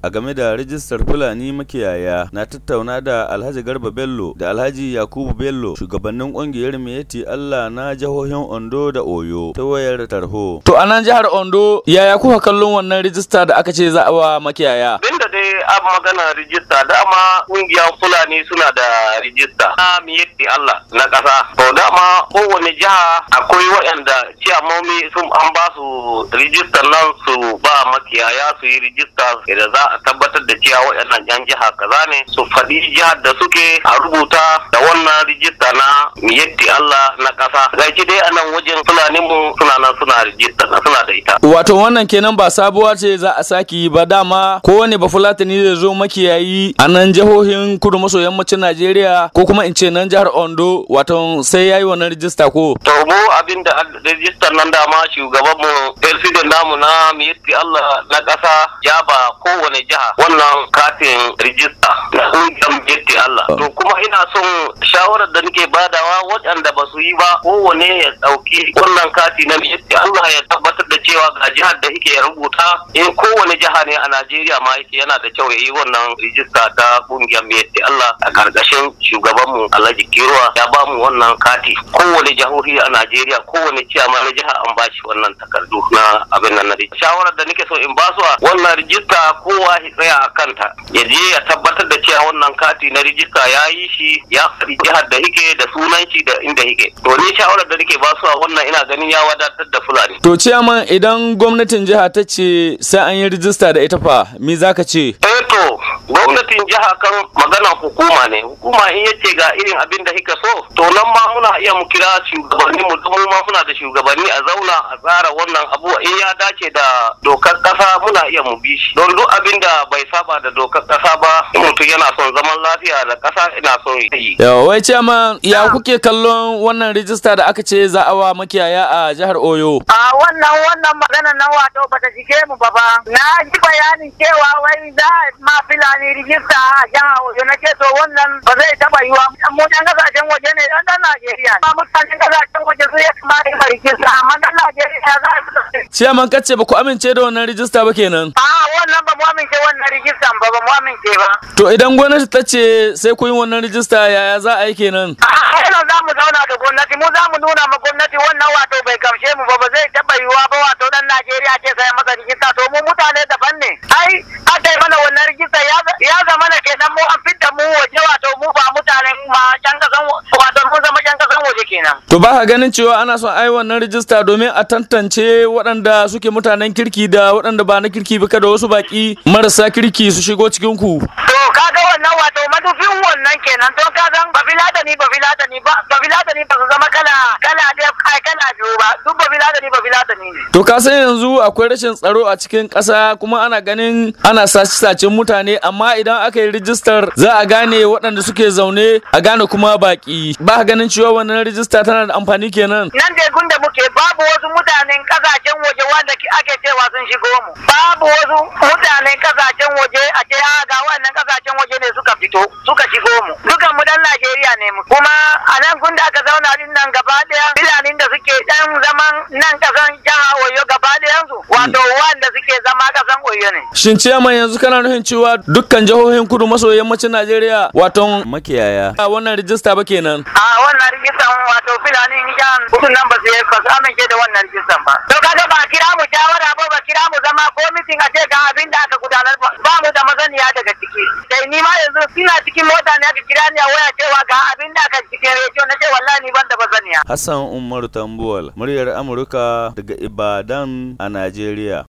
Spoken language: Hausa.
A game da rijistar Fulani makiyaya na tattauna da Alhaji Garba Bello da Alhaji Yakubu Bello shugabannin kungiyar Meti Allah na jihohin Ondo da Oyo ta wayar tarho. To a nan jihar Ondo yaya kuka kallon wannan rijista da aka ce za a wa makiyaya? da dai a magana rijista dama kungiyan fulani suna da rijista na miyetti Allah na ƙasa to dama kowane jiha akwai waɗanda ciyamomi sun an ba su rijistar nan su ba makiyaya su yi rijista da za a tabbatar da cewa waɗannan yan jiha kaza ne su faɗi jihar da suke a rubuta da wannan rijista na miyetti Allah na ƙasa gaci dai a nan wajen fulani mu nan suna suna da ita wato wannan kenan ba sabuwa ce za a saki ba dama kowane ba fulatani zai zo makiyayi a nan jihohin kudu maso yammacin Najeriya ko kuma in ce nan jihar Ondo wato sai yayi wannan rijista ko to mu abin da rijistar nan dama shugaban mu Elfido namu na Miyatti Allah na kasa ya ba kowane jiha wannan katin rijista na kungiyar Miyatti Allah to kuma ina son shawarar da nake badawa waɗanda ba su yi ba kowane ya ɗauki wannan kati na sai Allah ya tabbatar da cewa ga jihar da yake ya rubuta in eh, kowane jiha ne a Najeriya ma yake yana da kyau ya yi wannan rijista ta kungiyar mai Allah a karkashin shugabanmu Alhaji Kiruwa ya ba mu wannan kati kowane jihohi a Najeriya kowane ciyama na jiha an ba shi wannan takardu na abin nan na Shawara da nake so in ba su wannan rijista kowa ya tsaya a kanta ya je ya tabbatar da cewa wannan kati na rijista ya yi shi ya faɗi jihar da yake da sunan shi da inda yake to ni shawarar da nake ba su wannan ina ganin ya wadatar gabatar da Fulani. To ciyaman idan gwamnatin jiha ta ce sai an yi rijista da ita fa, me za ka ce? gwamnatin jiha kan magana hukuma ne hukuma in yace ga irin abin da kika so to nan ma muna iya mu kira shugabanni mu mu ma muna da shugabanni a zauna a tsara wannan abu in ya dace da dokar kasa muna iya mu bi shi don duk abin da bai saba da dokar kasa ba mutum yana son zaman lafiya da kasa ina son yi wai ce ma ya kuke kallon wannan rijista da aka ce za a wa makiyaya a jihar Oyo a wannan wannan magana na wato bata shige mu ba ba na ji bayanin cewa wai za ma fila. ni rijista a jiha waje na ce to wannan ba zai taba yiwa mu dan kasashen waje ne dan dan Najeriya ba mutanen kasashen waje su ya kuma da rijista amma dan Najeriya za su Ciyaman kace ba ku amince da wannan rijista ba kenan a wannan ba mu amince wannan rijistan ba ba mu amince ba to idan gwamnati ta ce sai ku yi wannan rijista yaya za a yi kenan a za mu zauna da gwamnati mu za mu nuna ma gwamnati wannan wato bai gamshe mu ba ba zai taba yiwa ba wato dan Najeriya ce sai zama mana kenan mu an fidda mu waje wato mu ba mutanen ma can kasan wato mun zama can kasan waje kenan. To ba ka ganin cewa ana son ai wannan rijista domin a tantance waɗanda suke mutanen kirki da waɗanda ba na kirki ba kada wasu baƙi marasa kirki su shigo cikin ku. su bin wannan kenan don ka san ba ni ba ni ba ba ni ba su zama kala kala ɗaya kai kala biyu ba duk ba ni ba filatani ni. To ka san yanzu akwai rashin tsaro a cikin ƙasa kuma ana ganin ana sace-sacen mutane amma idan aka yi rijistar za a gane waɗanda suke zaune a gane kuma baƙi ba ganin cewa wannan rijista tana da amfani kenan. Nan dai gunda muke babu wasu mutanen ƙasashen waje wanda ake cewa sun shigo mu babu wasu mutanen ƙasashen waje a ce ah, ga wannan ƙasashen waje ne suka fito. dan Najeriya ne mu kuma a nan kun da aka zauna din nan gaba daya filanin da suke dan zaman nan kasan jaha Oyo gaba daya su wato hmm. wanda suke zama kasan Oyo ne shin ciyaman yanzu kana nufin cewa dukkan jihohin kudu maso yammacin Najeriya wato makiyaya a wannan rijista ba kenan a wannan rijista wato filanin yan kudu nan ba su yi ba su amince da wannan rijistan ba to kaga ba kira mu shawara ba ba kira mu zama ko mitin a ce ga abin da suna cikin mota ne aka kira ni a waya cewa ga abin da aka cikin rediyo na ce wallahi ni ban da bazaniya. Hassan umaru Tambuwal, muryar Amurka daga Ibadan a Najeriya.